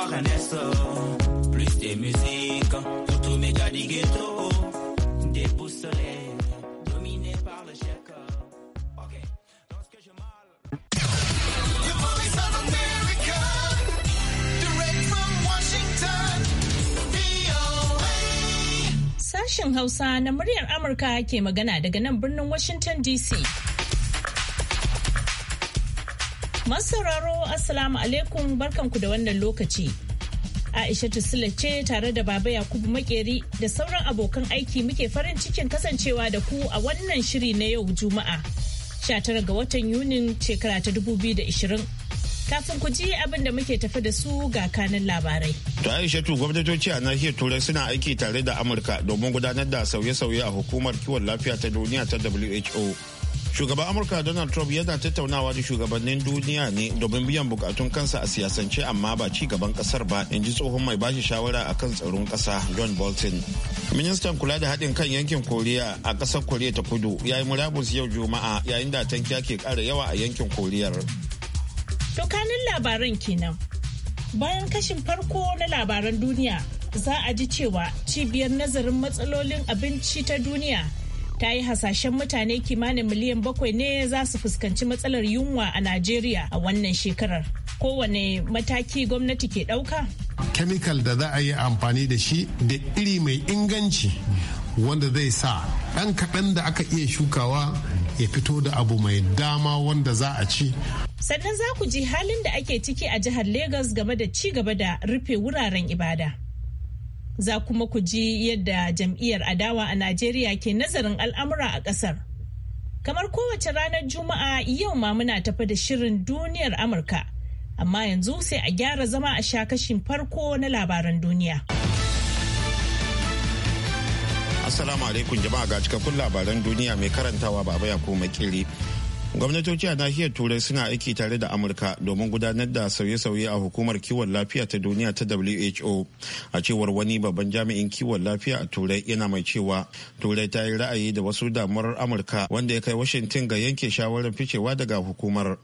voir un essor. Plus de musique, surtout méga du ghetto. Déboussolé, dominé par le chèque. Sashen Hausa na muryar Amurka ke magana daga nan birnin Washington DC. Masu sauraro Assalamu alaikum barkanku da wannan lokaci. Aisha Sule ce tare da Baba Yakubu Makeri da sauran abokan aiki muke farin cikin kasancewa da ku a wannan shiri na yau Juma'a 19 ga watan Yunin shekara ta 2020. Kafin ku ji abin da muke tafi da su ga kanin labarai. To Aishatu gwamnatoci a nahiyar Turai suna aiki tare da Amurka domin gudanar da sauye-sauye a hukumar kiwon lafiya ta duniya ta WHO. shugaban amurka donald trump yana tattaunawa da shugabannin duniya ne domin biyan bukatun kansa a siyasance amma ba ci gaban kasar ba in ji tsohon mai bashi shawara a kan tsaron kasa john bolton ministan kula da haɗin kan yankin koriya a ƙasar koriya ta kudu ya yi murabus yau juma'a yayin da tankiya ke ƙara yawa a yankin koriyar tokanin labaran kenan bayan kashin farko na labaran duniya za a ji cewa cibiyar nazarin matsalolin abinci ta duniya ta yi hasashen mutane kimanin miliyan bakwai ne za su fuskanci matsalar yunwa a Najeriya a wannan shekarar. Kowane mataki gwamnati ke ɗauka? Kemikal da za a yi amfani da shi da iri mai inganci wanda zai sa ɗan kaɗan da aka iya shukawa ya fito da abu mai dama wanda za a ci. Sannan za ku ji halin da ake ciki a jihar Legas game da ci gaba da rufe wuraren ibada. za kuma ku ji yadda jam'iyyar adawa a Najeriya ke nazarin al'amura a ƙasar. Kamar kowace ranar Juma'a yau ma muna tafi da shirin duniyar Amurka, amma yanzu sai a gyara zama a sha kashin farko na labaran duniya. Assalamu alaikum jama'a ga cikakkun labaran duniya mai karantawa baba ya kuma kiri. gwamnatoci a nahiyar turai suna aiki tare da amurka domin gudanar da sauye-sauye a hukumar kiwon lafiya ta duniya ta who a cewar wani babban jami'in kiwon lafiya a turai yana mai cewa turai ta yi ra'ayi da wasu damuwar amurka wanda ya kai washington ga yanke shawarar ficewa daga hukumar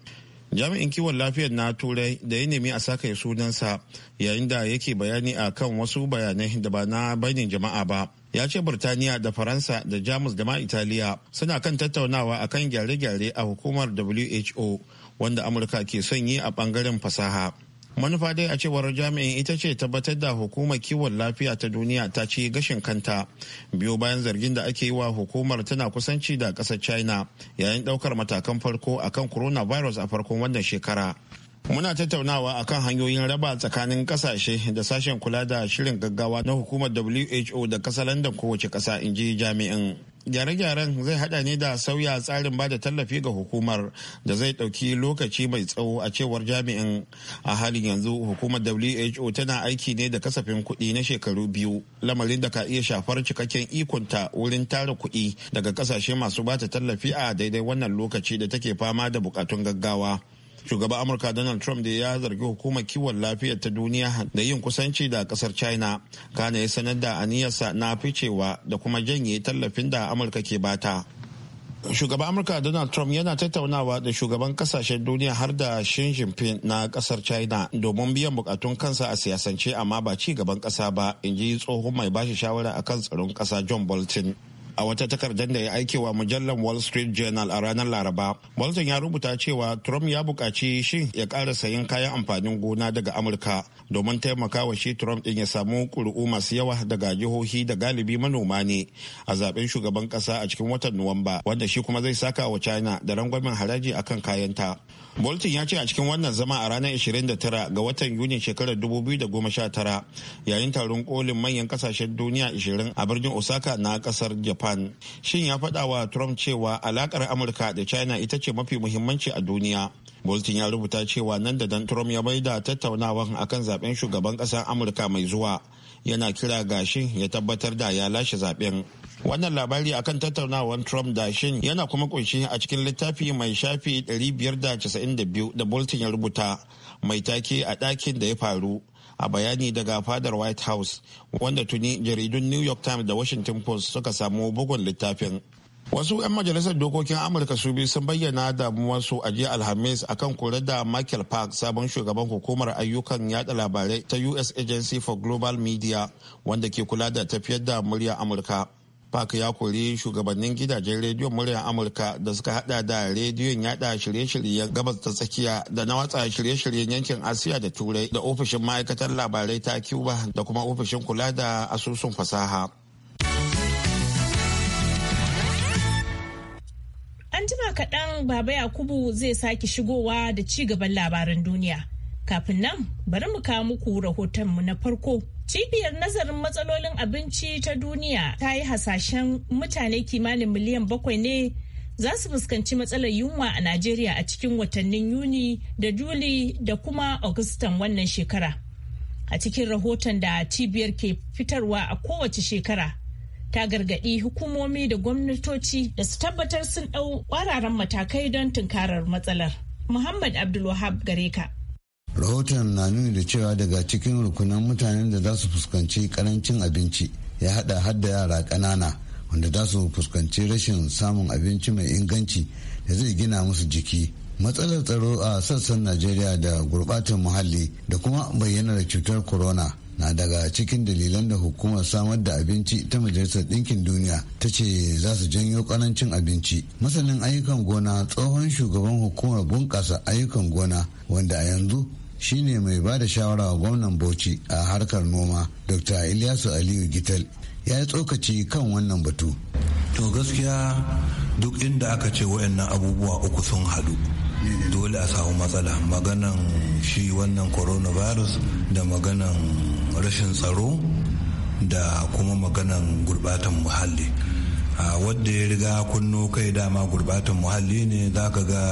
jami'in kiwon lafiyar na turai da ya nemi a saka sunansa yayin da yake bayani a kan wasu bayanai da ba na bainin jama'a ba ya ce Burtaniya da Faransa da Jamus da ma Italiya suna kan tattaunawa a kan gyare-gyare a hukumar WHO wanda Amurka ke son yi a bangaren fasaha. Manufa dai a cewar jami'in ita ce tabbatar da hukumar kiwon lafiya ta duniya ta ci gashin kanta biyu bayan zargin da ake yi wa hukumar tana kusanci da ƙasar China yayin ɗaukar matakan farko akan coronavirus a farkon wannan shekara. Muna tattaunawa a kan hanyoyin raba tsakanin kasashe da sashen kula da shirin gaggawa na hukumar WHO da kasa London kowace kasa inji jami'in. Gyare-gyaren zai hada ne da sauya tsarin ba da tallafi ga hukumar da zai dauki lokaci mai tsawo a cewar jami'in. A halin yanzu hukumar WHO tana aiki ne da kasafin kuɗi na shekaru biyu, lamarin da ka iya shafar cikakken ikonta wurin tara kuɗi daga kasashe masu ba ta tallafi a daidai wannan lokaci da take fama da bukatun gaggawa. shugaban amurka donald trump da ya zargi hukumar kiwon lafiyar ta duniya da yin kusanci da kasar china kana ya sanar da aniyarsa na ficewa da kuma janye tallafin da amurka ke bata shugaban amurka donald trump yana tattaunawa da shugaban kasashen duniya har da xi jinping na kasar china domin biyan bukatun kansa a siyasance amma ba ci gaban kasa ba in ji tsohon mai bashi shawara akan tsaron kasa john bolton a wata takardar da ya aike wa mujallar wall street journal a ranar laraba bolton ya rubuta cewa trump ya buƙaci shi ya ƙara sayin kayan amfanin gona daga amurka domin taimakawa shi trump ɗin ya samu ƙuri'u masu yawa daga jihohi da galibi manoma ne a zaben shugaban ƙasa a cikin watan nuwamba wanda shi kuma zai saka wa china da rangwamen haraji akan ta. bolton ya ce a cikin wannan zama a ranar 29 ga watan yuni shekarar 2019 yayin taron kolin manyan kasashen duniya 20 a birnin osaka na kasar japan japan shin ya faɗa wa trump cewa alakar amurka da china ita ce mafi muhimmanci a duniya bolton ya rubuta cewa nan da dan trump ya bai maida tattaunawan akan zaben shugaban ƙasar amurka mai zuwa yana kira gashin ya tabbatar da ya lashe zaben wannan labari akan tattaunawar trump da shin yana kuma kunshi a cikin littafi mai shafi 592 da bolton ya rubuta mai take a ɗakin da ya faru a bayani daga fadar white house wanda tuni jaridun new york times da washington post suka samu bugun littafin wasu 'yan majalisar dokokin amurka su biyu sun bayyana damuwarsu a jiya alhamis akan kore da michael park sabon shugaban hukumar ayyukan yada labarai ta u.s agency for global media wanda ke kula da tafiyar da murya amurka Park ya kori shugabannin gidajen rediyon muryar Amurka da suka hada da rediyon yada shirye-shiryen gabas ta tsakiya da na watsa shirye-shiryen yankin Asiya da Turai da ofishin ma'aikatar labarai ta Cuba da kuma ofishin kula da asusun fasaha. An jima kaɗan Baba Yakubu zai sake shigowa da ci gaban labaran duniya. Kafin nan bari mu kawo muku rahotonmu na farko Cibiyar nazarin matsalolin abinci ta duniya ta yi hasashen mutane kimanin miliyan bakwai ne za su fuskanci matsalar yunwa a Najeriya a cikin watannin Yuni da Juli da kuma Agustan wannan shekara. A cikin rahoton da cibiyar ke fitarwa a kowace shekara, ta gargaɗi hukumomi da gwamnatoci da su tabbatar sun ɗau ƙwararan matakai don tunkarar matsalar. Muhammad Abdulwahab Gareka rahoton na nuni da cewa daga cikin rukunan mutanen da za su fuskanci karancin abinci ya hada har yara kanana wanda za su fuskanci rashin samun abinci mai inganci da zai gina musu jiki matsalar tsaro a sassan najeriya da gurbatar muhalli da kuma bayyanar cutar corona na daga cikin dalilan da hukumar samar da abinci ta majalisar ɗinkin duniya ta ce za su janyo ƙarancin abinci masanin ayyukan gona tsohon shugaban hukumar bunƙasa ayyukan gona wanda a yanzu shine mai ba da shawara wa gwamnan bauchi a harkar noma dr ilyasu aliyu gital ya yi tsokaci kan wannan batu to gaskiya duk inda aka ce wayannan abubuwa uku sun haɗu dole a samu matsala maganan shi wannan coronavirus da maganan rashin tsaro da kuma maganan gurbatan muhalli a wadda ya riga kunno kai dama gurbatan muhalli ne za ka ga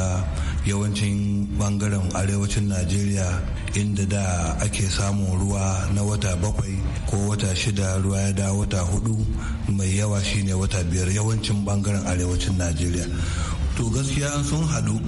yawancin bangaren arewacin najeriya inda da ake samun ruwa na wata bakwai ko wata shida ruwa ya da wata hudu mai yawa shine wata biyar yawancin bangaren arewacin najeriya to gaskiya sun hadu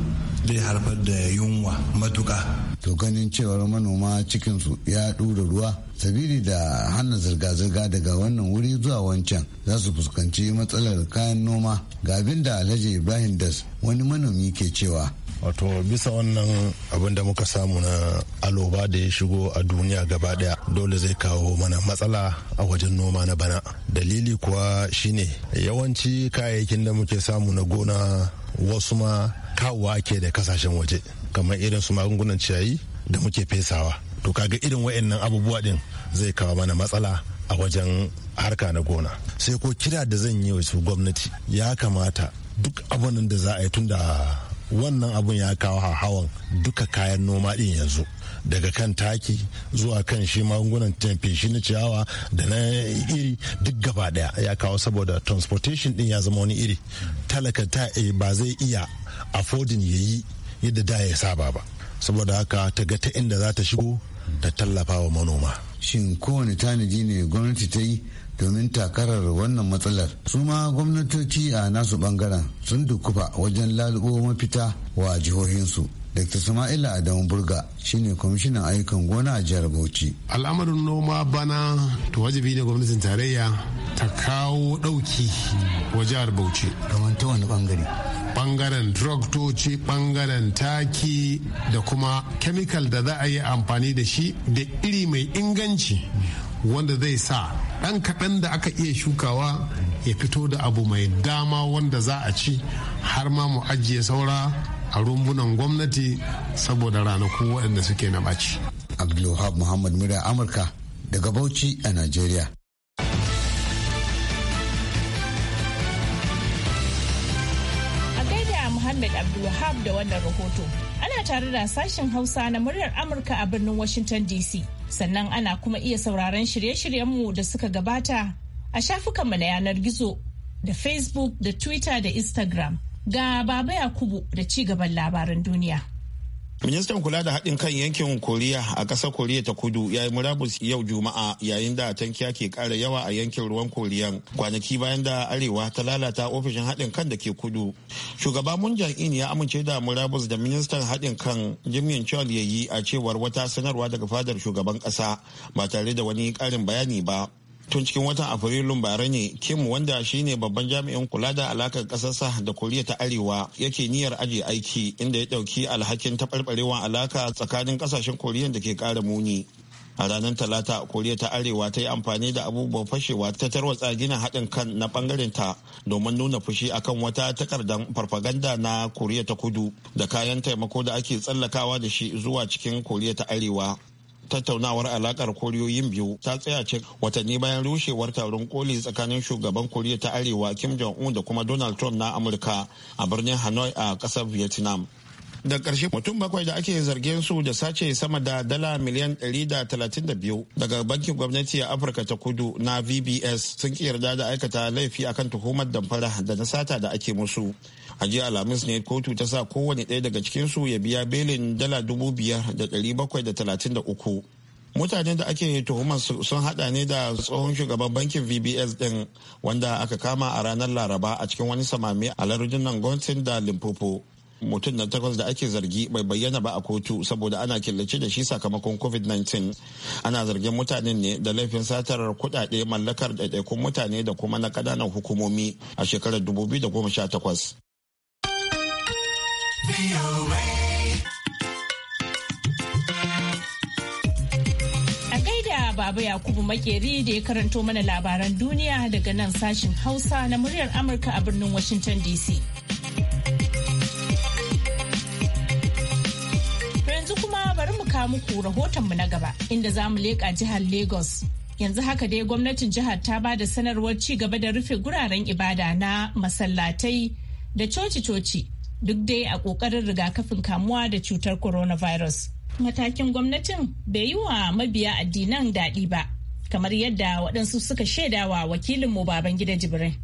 zai harfar da yunwa matuka to ganin cewar manoma cikinsu ya ɗura ruwa sabili da hannun zirga-zirga daga wannan wuri zuwa wancan za su fuskanci matsalar kayan noma ga abin da alhaji ibrahim das wani manomi ke cewa wato bisa wannan abin da muka samu na aloba da ya shigo a duniya gaba daya dole zai kawo mana matsala a wajen noma na bana dalili kuwa shine yawanci kayayyakin da muke samu na gona wasu ma kawowa ke da kasashen waje kamar irin su magungunan ciyayi da muke fesawa to kaga irin wayannan abubuwa din zai kawo mana matsala a wajen harka na gona sai ko kira da zan yi wa su gwamnati ya kamata duk abin da za a yi tun da wannan abun ya kawo hawan duka kayan noma din yanzu daga kan taki zuwa kan shi magungunan shi na ciyawa da na iri duk gaba daya ya kawo saboda transportation din ya zama wani iri talaka ta eh, ba zai iya affordin ya yi yadda da ya saba ba saboda haka ta ga ta inda za ta shigo ta tallafa wa manoma shin kowane tanadi ne gwamnati ta yi domin takarar wannan matsalar su ma gwamnatoci a nasu bangaren sun dukufa wajen lalubo mafita wa jihohinsu Dr. Sama'ila Adamu Burga shine kwamishinan ayyukan gona a jihar Bauchi. Al'amarin noma bana to wajibi ne gwamnatin tarayya ta kawo ɗauki wa jihar Bauchi. Kamar ta wani bangare? Bangaren traktoci, bangaren taki da kuma kemikal da za a yi amfani da shi da iri mai inganci wanda zai sa ɗan kaɗan da aka iya shukawa ya fito da abu mai dama wanda za a ci har ma mu ajiye saura a rumbunan gwamnati saboda ranaku waɗanda suke na ɓaci. Abdulwahab Muhammad Murya Amurka daga Bauchi a Najeriya. Muhammad Abdulwahab da wannan rahoto. Ana tare da sashen Hausa na muryar Amurka a birnin Washington DC. Sannan ana kuma iya sauraron shirye-shiryenmu da suka gabata a shafukanmu na yanar gizo da Facebook da Twitter da Instagram. Ga Baba Yakubu da ci gaban labaran duniya. ministan kula da haɗin kan yankin koriya a ƙasar koriya ta kudu ya yi murabus yau juma'a yayin da tankiya ke ƙara yawa a yankin ruwan koriyan kwanaki bayan da arewa ta lalata ofishin haɗin kan da ke kudu shugaba mun in ya amince da murabus da ministan haɗin kan jimin chol ya yi a cewar wata sanarwa daga fadar shugaban ƙasa ba tare da wani ƙarin bayani ba tun cikin watan afrilun bara ne kim wanda shine babban jami'in kula da alakar kasarsa da koriya ta arewa yake niyyar ajiye aiki inda ya dauki alhakin taɓarɓarewan alaka tsakanin kasashen koriya da ke ƙara muni a ranar talata koriya ta arewa ta yi amfani da abubuwan fashewa ta tarwatsa ginin haɗin kan na ɓangaren ta domin nuna fushi akan wata takardar farfaganda na koriya ta kudu da kayan taimako da ake tsallakawa da shi zuwa cikin koriya ta arewa tattaunawar alakar koriyoyin biyu ta tsaya cik watanni bayan rushewar taron koli tsakanin shugaban koriya ta arewa kim jong-un da kuma donald trump na amurka a birnin hanoi a kasar vietnam da ƙarshe mutum bakwai da ake zargin su da sace sama da dala miliyan 132 daga bankin gwamnati a afirka ta kudu na vbs sun ki yarda da aikata laifi akan tuhumar damfara da na sata da ake musu a jiya alhamis ne kotu ta sa kowane ɗaya daga cikinsu ya biya belin dala dubu biyar da ɗari bakwai da talatin da uku mutane da ake tuhumar sun hada ne da tsohon shugaban bankin vbs din wanda aka kama a ranar laraba a cikin wani samami a lardunan gontin da limpopo mutum na takwas da ake zargi bai bayyana ba a kotu saboda ana killace da shi sakamakon covid-19 ana zargin mutanen ne da laifin satar kudade mallakar ɗaiɗaikun mutane da kuma na ƙananan hukumomi a shekarar 2018 A gaida Baba Yakubu Makeri da ya karanto mana labaran duniya daga nan sashin Hausa na muryar Amurka a birnin Washington DC. Yanzu kuma bari mu kawo muku rahotonmu na gaba inda za mu leƙa jihar Lagos. yanzu haka dai gwamnatin jihar ta ba da sanarwar ci gaba da rufe guraren ibada na masallatai da coci-coci duk dai a ƙoƙarin rigakafin kamuwa da cutar coronavirus. Matakin gwamnatin bai yi wa mabiya addinan daɗi ba, kamar yadda waɗansu suka shaida shaidawa wakilinmu Babangida Jibrin.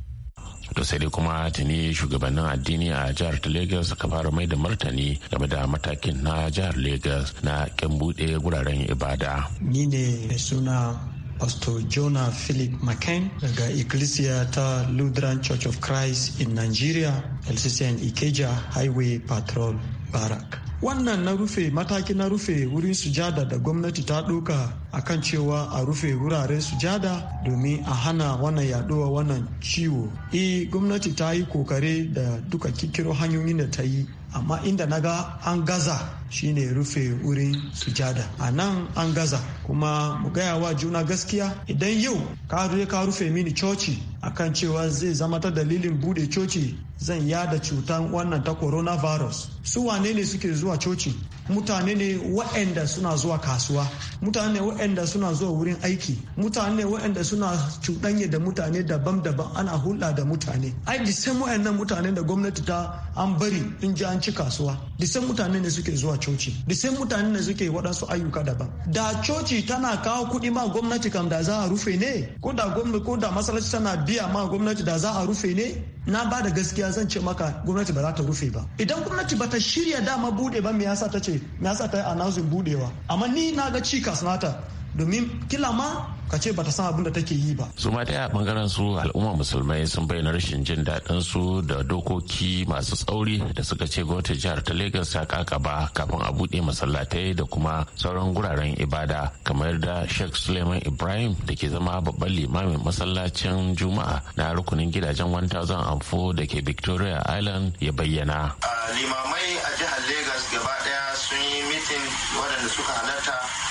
to sai dai kuma tuni shugabannin addini a jihar ta lagos suka fara mai da martani game da matakin na jihar lagos na kyan buɗe wuraren ibada ni ne suna pastor jonah philip mccain daga iglesia ta lutheran church of christ in nigeria lccn ikeja highway patrol barak wannan na rufe mataki na rufe wurin sujada da gwamnati ta ɗauka kan cewa a rufe wuraren sujada domin a hana wannan yaduwa wannan ciwo e gwamnati ta yi kokare da duka kikiro hanyoyin da ta yi amma inda na ga an gaza shine rufe wurin sujada a nan an gaza kuma mu gaya wa juna gaskiya idan yau ka ka rufe mini coci akan cewa zai zama ta dalilin bude coci zan yada cutan wannan ta coronavirus su wane ne suke zuwa coci mutane ne waɗanda suna zuwa kasuwa mutane ne waɗanda suna zuwa wurin aiki mutane ne waɗanda suna cuɗanye da mutane daban-daban ana hulɗa da mutane ai disan waɗannan mutane da gwamnati ta an bari in ji an ci kasuwa disan mutane ne suke zuwa coci da sai mutanen da suke waɗansu ayyuka daban da coci tana kawo kuɗi ma gwamnati kam da za a rufe ne ko da gwamnati ko da masalaci tana biya ma gwamnati da za a rufe ne na ba da gaskiya zan ce maka gwamnati ba za ta rufe ba idan gwamnati ba ta shirya dama bude ba me yasa ta ce me yasa ta yi anazin budewa amma ni na ga cikas nata domin kila ma ka ce ta san abin da take yi ba su ma dai a bangaren su al'umma musulmai sun bayyana rashin jin daɗin su da dokoki masu tsauri da suka ce gwamnatin jihar ta Lagos ta ba kafin a buɗe masallatai da kuma sauran guraren ibada kamar da Sheikh Suleiman Ibrahim da ke zama babban limamin masallacin Juma'a na rukunin gidajen 1000 amfo da ke Victoria Island ya bayyana. Limamai a jihar Lagos gaba ɗaya sun yi mitin waɗanda suka halarta.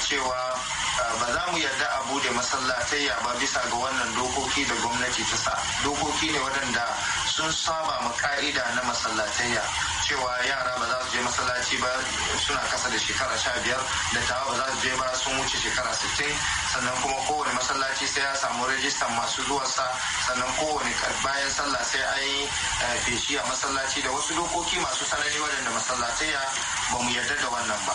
cewa ba za mu yarda a bude masallatayya ba bisa ga wannan dokoki da gwamnati ta sa dokoki ne waɗanda sun saba ma ka'ida na masallatayya cewa yara ba za su je masallaci ba suna kasa da shekara sha biyar da tawa ba za su je ba sun wuce shekara sittin sannan kuma kowane masallaci sai ya samu rajistan masu zuwarsa sannan kowane bayan sallah sai a yi feshi a masallaci da wasu dokoki masu tsanani waɗanda masallatayya ba mu yarda da wannan ba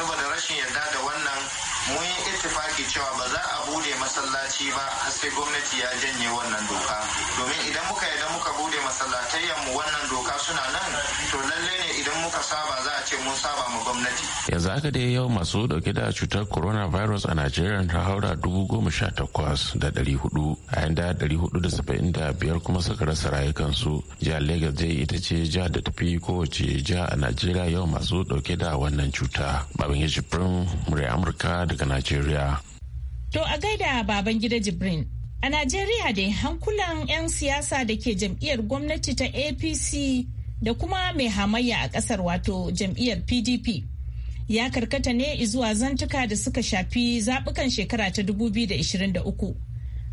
saboda rashin yarda da wannan mun yi ittifaki cewa ba za a bude masallaci ba har sai gwamnati ya janye wannan doka domin idan muka idan muka bude masallatayyan mu wannan doka suna nan to lalle ne idan muka saba za a ce mun saba ma gwamnati yanzu haka dai yau masu dauke da cutar coronavirus a Najeriya ta haura dubu goma sha takwas da dari hudu a yanda dari hudu da saba'in da biyar kuma suka rasa rayukansu jihar Lagos dai ita ce jihar da tafi kowace jiha a Najeriya yau masu dauke da wannan cuta babin ya murya Amurka daga Najeriya. To a gaida baban gida Jibrin. A Najeriya dai hankulan 'yan siyasa da ke jam'iyyar gwamnati ta APC da kuma mai hamayya a ƙasar wato jam'iyyar PDP. Ya karkata ne zuwa zantuka da suka shafi zaɓukan shekara ta 2023.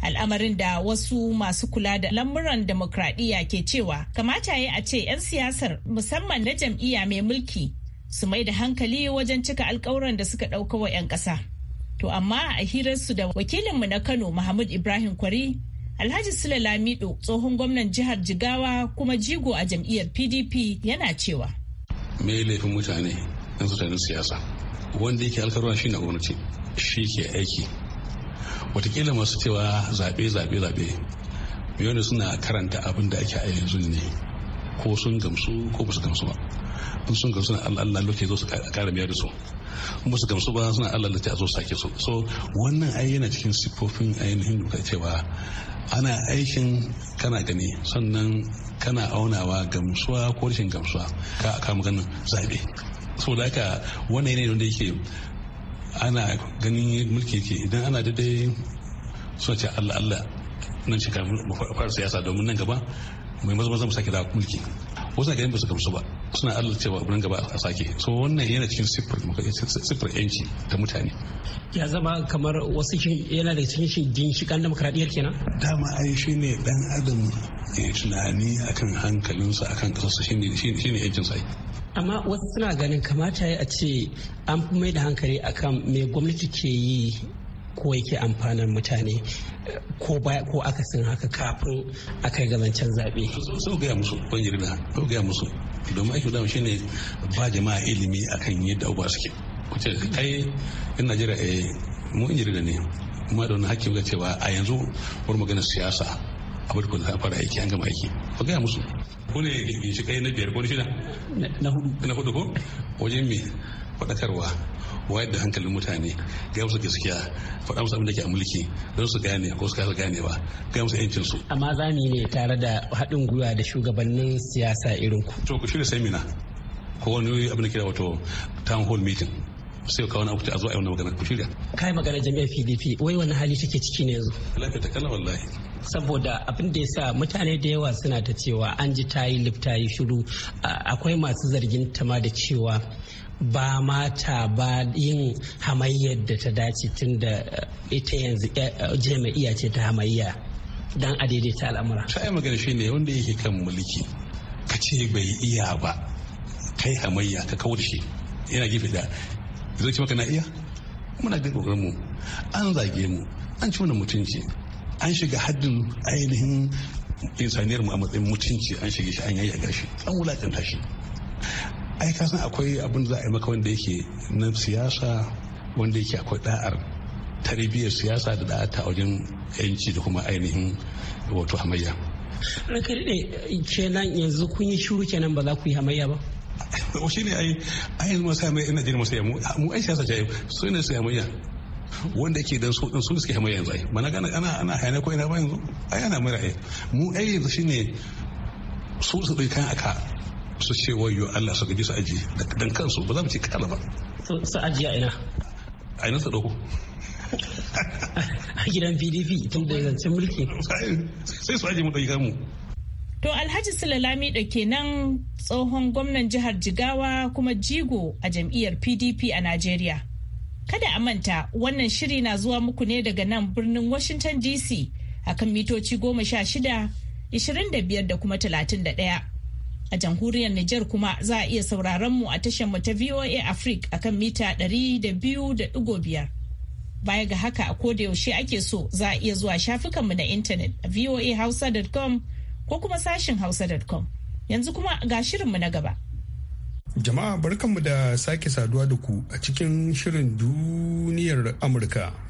Al'amarin da wasu masu kula da lamuran demokradiyya ke cewa kamata ya a ce 'yan siyasar musamman na jam'iyya mai mulki su mai da hankali wajen cika alkawuran da suka ɗauka wa 'yan ƙasa. To amma a hirarsu da wakilinmu na Kano Muhammad Ibrahim Kwari, Alhaji Sule Lamido tsohon gwamnan jihar Jigawa kuma jigo a jam'iyyar PDP yana cewa. Me laifin mutane yan sutanen siyasa wanda yake alkarwa shi na gwamnati shi ke aiki. Watakila masu cewa zaɓe zaɓe zaɓe wani suna karanta abin da ake a yanzu ne ko sun gamsu ko ba su gamsu ba. in sun gamsu na Allah Allah lokaci zo su kara biya da su in ba su gamsu ba suna Allah da a zo sake su so wannan ai yana cikin siffofin ainihin duka cewa ana aikin kana gani sannan kana aunawa gamsuwa ko rashin gamsuwa ka ka maganin so da haka wannan ne wanda yake ana ganin mulki yake idan ana daidai suna ce Allah Allah nan shekaru fara siyasa domin nan gaba mai mazama mu sake da mulki wasu na ganin ba su gamsu ba suna adalci cewa nan gaba a sake so wannan yana cikin siffar eh, yanci ta mutane ya zama kamar wasu yana da cikin shi kan demokradiyyar kenan dama ai shi ne dan adam ya tunani akan hankalinsa akan kasarsa shi ne yancin sai amma wasu suna ganin kamata ya ce an fi mai da hankali akan me gwamnati ke yi ko yake amfanar mutane ko baya ko akasin haka kafin a kai ga zaɓe. Sau gaya musu ban jirgin sau gaya musu domin aikin dama shine ba jama'a ilimi akan yadda abubuwa suke kuce kai yan najeriya eh mu in jirga ne kuma da wani hakki ga cewa a yanzu wani magana siyasa abu da kuma fara aiki an gama aiki ba gaya musu ko ne shi kai na biyar ko na shida na hudu na hudu ko wajen me faɗakarwa wayar da hankalin mutane ga musu gaskiya faɗa musu abin da ke a mulki don su gane ko su kasa gane ba ga musu yancin su amma zami ne tare da haɗin gwiwa da shugabannin siyasa irin ku to ku shirya semina ko wani abin da kira wato town hall meeting sai ka wani abuta a zuwa a magana ku shirya kai magana jami'ar PDP wai wani hali take ciki ne yanzu lafiya ta kalla wallahi saboda abin da ya sa mutane da yawa suna ta cewa an ji tayi yi shiru akwai masu zargin ta ma da cewa ba mata ba yin hamayyar da ta dace tun da eh, ita yanzu eh, eh, jami'a ce ta hamayya don a daidaita al'amura. ta yi magana shi ne wanda yake kan mulki ka ce bai iya ba kai hamayya ka kawar shi yana gefe da zai ce maka na iya muna ga kokarin mu an zage mu an ci mana mutunci an shiga haddin ainihin insaniyar mu a matsayin mutunci an shiga shi an yayyaga shi an wulakanta shi ai ka san akwai abin da za a yi maka wanda yake na siyasa wanda yake akwai da'ar tarbiyyar siyasa da da'a ta wajen yanci da kuma ainihin wato hamayya ranka daɗe kenan yanzu kun yi shiru kenan ba za ku yi hamayya ba ko ne ai ai yanzu masu hamayya ina jin masu yamu mu ai siyasa jayi su ne su hamayya wanda ke dan su din su suke hamayya yanzu ai mana gana ana ana hayana ko ina ba yanzu ai ana mura ai mu ai yanzu ne su su dai kan aka su ce wayo Allah su gaji su aji dan kansu ba za mu ce kala ba su aji a ina a ina su dauko a gidan PDP tun da zancen mulki sai su aji mu dauki mu. To Alhaji Sulalami da kenan tsohon gwamnan jihar Jigawa kuma jigo a jam'iyyar PDP a Najeriya. Kada a manta wannan shiri na zuwa muku ne daga nan birnin Washington DC akan mitoci goma sha shida, ishirin da biyar da kuma talatin da ɗaya. A jamhuriyar Nijar kuma za a iya sauraron mu a tashar mu ta VOA Africa akan mita 200.5. Baya ga haka a koda yaushe ake so za a iya zuwa shafukan mu na intanet a voahausa.com ko kuma sashin hausa.com. Yanzu kuma ga shirin mu na gaba. Jama'a barkanmu da sake saduwa da ku a cikin shirin duniyar Amurka.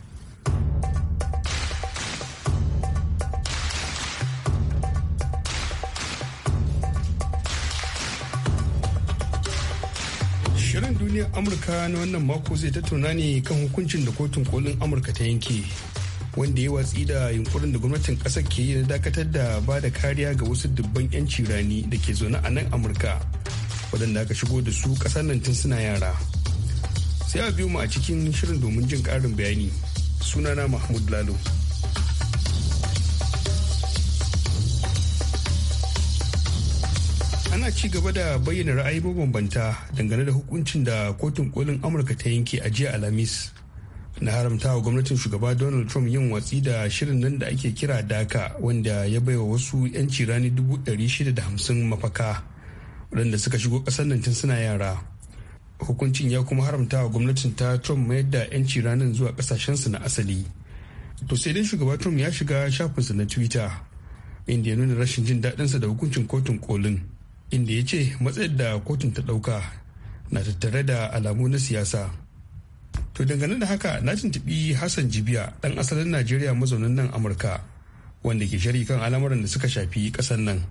duniyar amurka na wannan mako zai tattauna ne kan hukuncin da kotun kolin amurka ta yanke wanda ya watsi da yunkurin da gwamnatin kasar ke yi na dakatar da ba da kariya ga wasu dubban 'yanci rani da ke zaune a nan amurka wadanda aka shigo da su ƙasar nan tun suna yara sai a biyu mu a cikin shirin domin jin ƙarin bayani sunana mahmud lalo ana ci gaba da bayyana ra'ayi mabambanta dangane da hukuncin da kotun kolin amurka ta yanke a jiya alhamis na haramta wa gwamnatin shugaba donald trump yin watsi da shirin nan da ake kira daka wanda ya baiwa wasu 'yanci rani 650 mafaka waɗanda suka shigo ƙasar nan tun suna yara hukuncin ya kuma haramta wa gwamnatin ta trump mayar da 'yanci ranar zuwa ƙasashensu na asali to sai dai shugaba trump ya shiga shafinsa na twitter inda ya nuna rashin jin daɗinsa da hukuncin kotun kolin inda ya ce matsayin da kotun ta ɗauka na tattare da alamu na siyasa to dangane da haka na tuntubi hassan Jibia, ɗan asalin najeriya mazaunin nan amurka wanda ke shari kan al'amuran da suka shafi ƙasar nan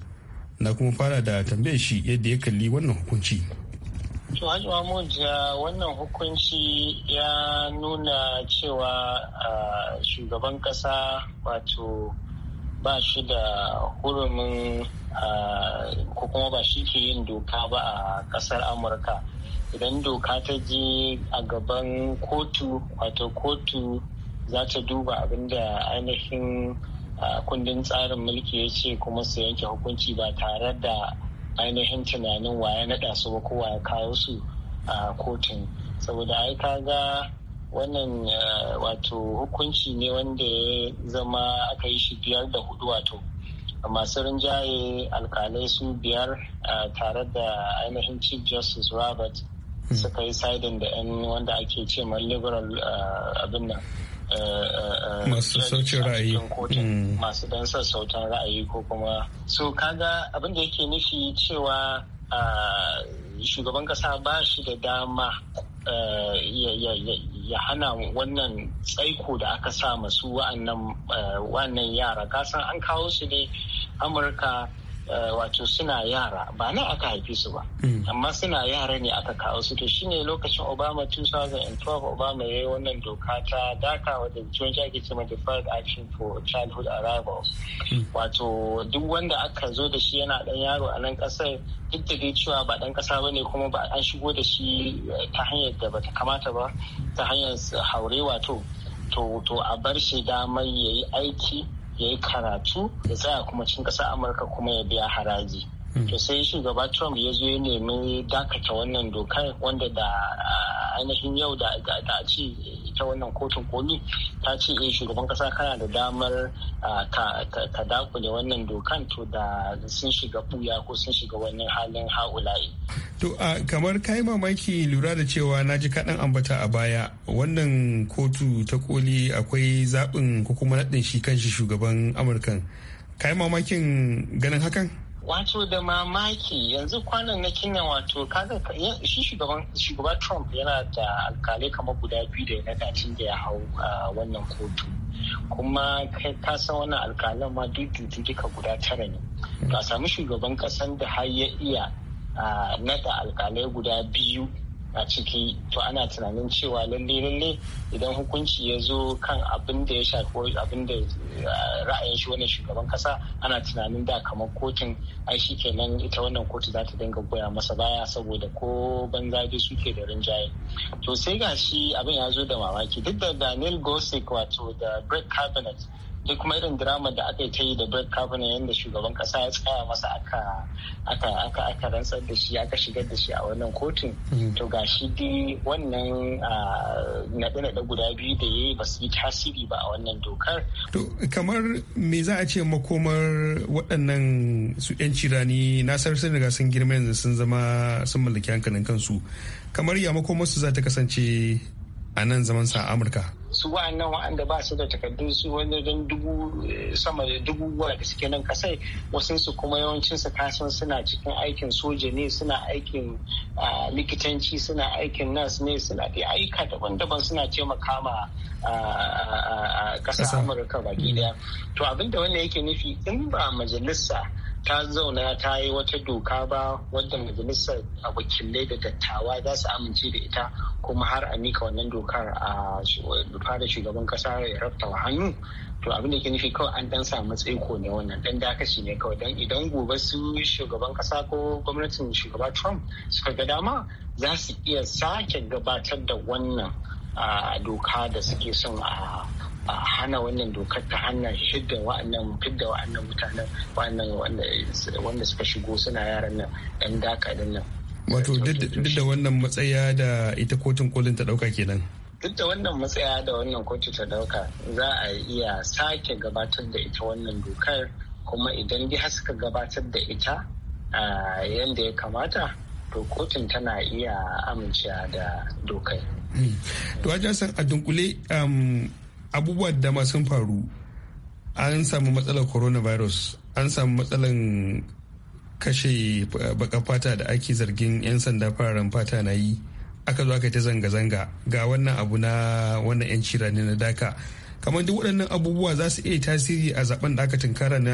na kuma fara da tambayar shi yadda ya kalli wannan hukunci to hajji mahmud uh, wannan hukunci ya nuna cewa uh, shugaban ƙasa wato ba shi da hurumin ko kuma ba shi ke yin doka ba a kasar amurka idan doka ta je a gaban kotu wato kotu za ta duba abinda ainihin kundin tsarin mulki ya ce kuma su yanke hukunci ba tare da ainihin tunanin waya naɗa su ba ko ya kawo su a kotun saboda ai ka ga. wannan eh, wato hukunci ne wanda ya zama aka yi shi biyar da hudu wato masu rinjaye alkalai su biyar eh, tare da ainihin chief justice robert hmm. suka yi siding da 'yan wanda ake ce ma liberal eh, abin nan masu saucin ra'ayi hmm. masu dan sassautan ra'ayi ko kuma so kaga abin da yake nufi cewa shugaban kasa ba shi da dama ya hana wannan tsaiko da aka sa masu eh, wa'annan yara kasan an kawo su ne amurka Eh, wato suna yara ba nan aka haifi su ba hmm. amma suna yara ne aka kawo su to shine lokacin obama 2012 obama ya yi wannan doka ta daka wadda turanci ake cewa deferred action for childhood arrivals hmm. wato duk wanda aka zo da shi yana dan yaro a nan kasar duk da dai cewa ba dan kasa bane kuma ba an shigo da shi eh, ta hanyar da bata kamata ba ta hanyar haure wato to a bar shi damar ya yi aiki ya yi karatu ya tsaya kuma cin ƙasa amurka kuma ya biya haraji Mm. to sai shugaba trump ya zo ya nemi dakata wannan dokar wanda da ah, ainihin yau da a ce ita wannan kotun koli ta ce eh shugaban kasa kana da damar ah, ka dakule wannan dokan to da sun shiga buya ko sun shiga wannan halin haulayi. to ah, kamar kayi mamaki lura da cewa na ji kaɗan ambata a baya wannan kotu ta koli akwai zaɓin ko kuma naɗin shi shi shugaban amurkan kayi mamakin ganin hakan? wato da mamaki yanzu kwanan na kinya wato kaga shi shugaban shugaba trump yana da alkalai kamar guda biyu da ya naɗa da ya hau wannan kotu kuma kai ka san wannan alkalan ma dudu duka guda tara ne ka samu shugaban kasan da har ya iya naga alkalai guda biyu a ciki to ana tunanin cewa lalle lalle idan hukunci ya zo kan abin da ya shafi abin da eh, ra'ayin shi wannan shugaban kasa ana tunanin da kamar kotun ai shi kenan ita wannan kotu za ta dinga goya masa baya saboda ko banza banzaje suke da rinjaye to sai gashi abin ya zo da mamaki duk da daniel gosek wato da brett cabinet. da kuma irin drama da aka yi ta yi da Brett Kavanaugh yadda shugaban kasa ya tsaya masa aka aka aka aka rantsar da shi aka shigar da shi a wannan kotun mm. to ga shi dai wannan ah, naɗe-naɗe guda biyu da ya yi ba su yi tasiri ba a wannan dokar. To kamar me za a ce makomar waɗannan su 'yan cirani na sarsin daga sun girma yanzu sun zama sun mallaki hankalin kansu kamar ya makomar su za ta kasance a nan zaman sa Amurka. su wa'annan wa'anda ba su da takardun su wani don dubu eh, sama da dubu da suke nan kasai Wasu su kuma yawancin su kasan suna cikin aikin soja ne suna aikin likitanci suna aikin nurse ne suna da ayyuka daban-daban suna taimaka ma kasar amurka baki daya mm. to abinda wannan yake nufi in ba majalisa ta zauna ta yi wata doka ba wadda majalisar wakilai da dattawa za su amince da ita kuma har a mika wannan dokar a fara shugaban kasa ya rabta hannu to abin da ke nufi kawai an dan samu tsaiko ne wannan dan dakashi ne kawai dan idan gobe su shugaban kasa ko gwamnatin shugaba trump suka ga dama za su iya sake gabatar da wannan doka da suke son a a hana wannan dokar ta hana shidda wa'annan fidda wa'annan mutanen wa'annan wanda suka shigo suna yaran nan ɗan daka din nan. Wato duk da wannan matsaya da ita kotun kolin ta ɗauka kenan. duk da wannan matsaya da wannan kotu ta dauka za a iya sake gabatar da ita wannan dokar kuma idan dai suka gabatar da ita a yadda ya kamata to kotun tana iya amincewa da dokar. Hmm. to a san a dunkule um, abubuwa da dama sun faru an samu matsalar coronavirus an samu matsalar kashe eh, baka fata da ake zargin 'yan sanda fararen fata na yi aka zo aka ta zanga-zanga ga wannan abu na wannan 'yan cira ne na daka kamar duk waɗannan abubuwa za su iya tasiri a zaben da aka tunkara na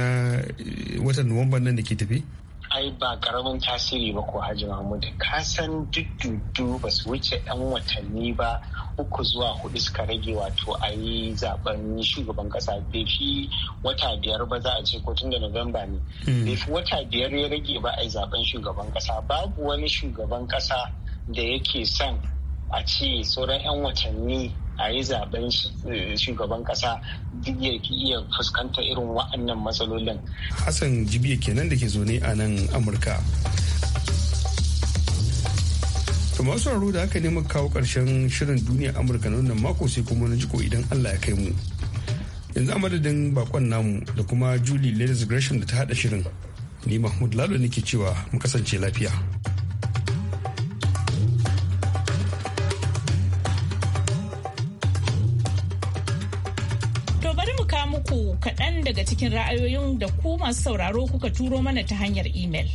eh, watan nuwamba nan da ke tafi ai ba karamin tasiri ba ko hajji mahmud ka san duk dudu ba su wuce yan watanni ba uku zuwa hudu suka rage wato a yi zaben shugaban kasa bai fi wata biyar ba za a ce ko tun da novemba ne hmm. bai fi wata biyar ya rage ba a yi zaben shugaban kasa babu wani shugaban kasa da yake son a ce sauran 'yan watanni a yi zaben eh, shugaban kasa duk ya iya fuskanta irin wa'annan matsalolin. Hassan Jibiya kenan da ke zo ne a nan Amurka. kamar sauraro da aka nemi kawo karshen shirin duniya amurka na wannan mako sai kuma na jiko idan allah ya kai mu yanzu a madadin bakon namu da kuma julie ladies gresham da ta hada shirin ni mahmud lalo nake cewa mu kasance lafiya to bari mu ka muku kaɗan daga cikin ra'ayoyin da ku masu sauraro kuka turo mana ta hanyar imel.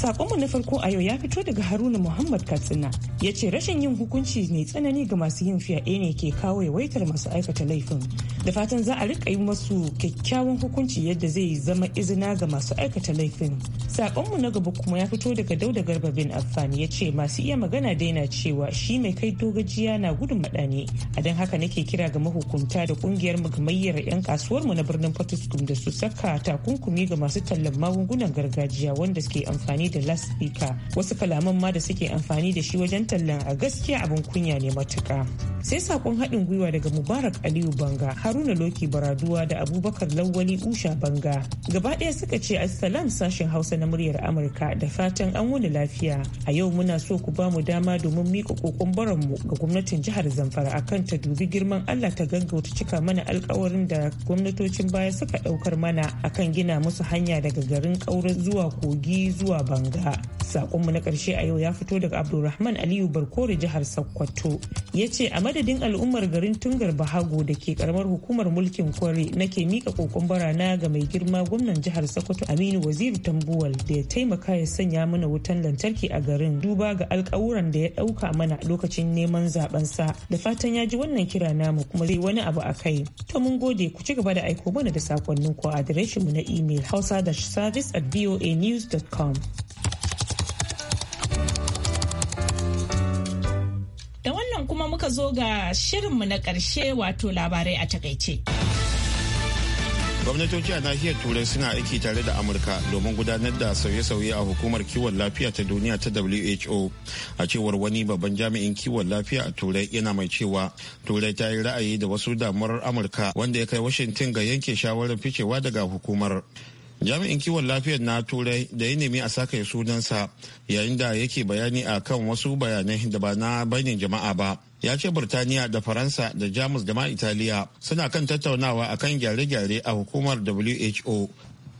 Sakonmu na farko a yau ya fito daga Haruna Muhammad Katsina ya ce rashin yin hukunci ne tsanani ga masu yin fyaɗe ne ke kawo yawaitar masu aikata laifin da fatan za a rika yi masu kyakkyawan hukunci yadda zai zama izina ga masu aikata laifin sakonmu na gaba kuma ya fito daga dauda garba bin afani ya ce masu iya magana daina cewa shi mai kai dogajiya na gudun madani a don haka nake kira ga mahukunta da kungiyar mayyar 'yan kasuwar mu na birnin fatuskum da su saka takunkumi ga masu tallan magungunan gargajiya wanda suke amfani da laspika wasu kalaman ma da suke amfani da shi wajen tallan a gaskiya abin kunya ne matuka. sai sakon haɗin gwiwa daga mubarak aliyu banga haruna loki baraduwa da abubakar lawali usha banga gaba ɗaya suka ce assalam sashen hausa na muryar amurka da fatan an wuni lafiya a yau muna so ku ba mu dama domin miƙa kokon baranmu ga gwamnatin jihar zamfara akan ta dubi girman allah ta gaggauta cika mana alkawarin da gwamnatocin baya suka ɗaukar mana akan gina musu hanya daga garin ƙauren zuwa kogi zuwa banga saƙonmu na ƙarshe a yau ya fito daga abdulrahman aliyu barkore jihar sokoto ya ce a madadin al'ummar garin tungar bahago da ke karamar hukumar mulkin kwari na ke mika kokon barana ga mai girma gwamnan jihar sokoto aminu waziru tambuwal da ya taimaka ya sanya mana wutan lantarki a garin duba ga alkawuran da ya dauka mana lokacin neman zaben sa da fatan ya ji wannan kira namu kuma zai wani abu a kai to mun gode ku ci gaba da aiko mana da sakonnin ku a adireshin na email hausa-service at voanews.com zo ga shirinmu na karshe wato labarai a takaice. gwamnatoci a nahiyar turai suna aiki tare da amurka domin gudanar da sauye-sauye a hukumar kiwon lafiya ta duniya ta who a cewar wani babban jami'in kiwon lafiya a turai yana mai cewa turai ta yi ra'ayi da wasu damuwar amurka wanda ya kai washington ga yanke shawarar ficewa daga hukumar jami'in kiwon lafiyar na turai da ya nemi a saka sunansa yayin da yake bayani a kan wasu bayanai da ba na bainin jama'a ba ya ce Birtaniya da Faransa da Jamus da ma Italiya suna kan tattaunawa akan gyare-gyare a hukumar WHO.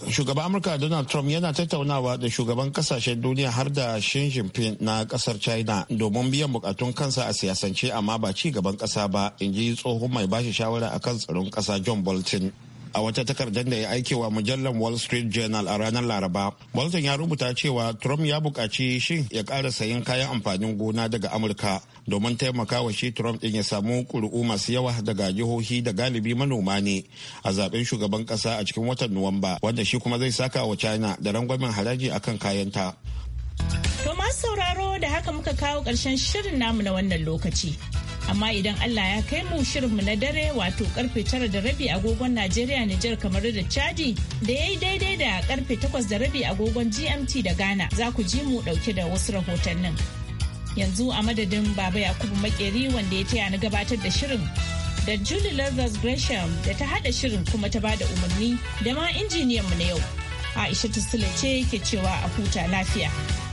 Shugaban Amurka Donald Trump yana tattaunawa da shugaban kasashen duniya har da Xi Jinping na kasar China domin biyan bukatun kansa a siyasance amma ba ci gaban kasa ba, in ji tsohon mai bashi shawara akan tsaron kasa John Bolton. a wata takardar da ya aikewa mujallar wall street journal a ranar laraba bolton ya rubuta cewa trump ya buƙaci shi ya ƙara sayin kayan amfanin gona daga amurka domin taimakawa shi trump ɗin ya samu ƙuri'u masu yawa daga jihohi da galibi manoma ne a zaben shugaban ƙasa a cikin watan nuwamba wanda shi kuma zai saka wa china da rangwamen haraji akan kayanta To masu sauraro da haka muka kawo ƙarshen shirin namu na wannan lokaci. Amma idan Allah ya kai mu shirin mu na dare wato karfe tara da rabi agogon Najeriya Nijar kamar da Chadi da ya yi daidai da karfe takwas da rabi agogon GMT da Ghana za ku ji mu dauke da wasu rahotannin. Yanzu a madadin Baba Yakubu Makeri wanda ya taya na gabatar da shirin da Julie Lazarus Gresham da ta haɗa shirin kuma ta bada umarni da ma injiniyanmu na yau. Aisha Sule ce ke cewa a huta lafiya.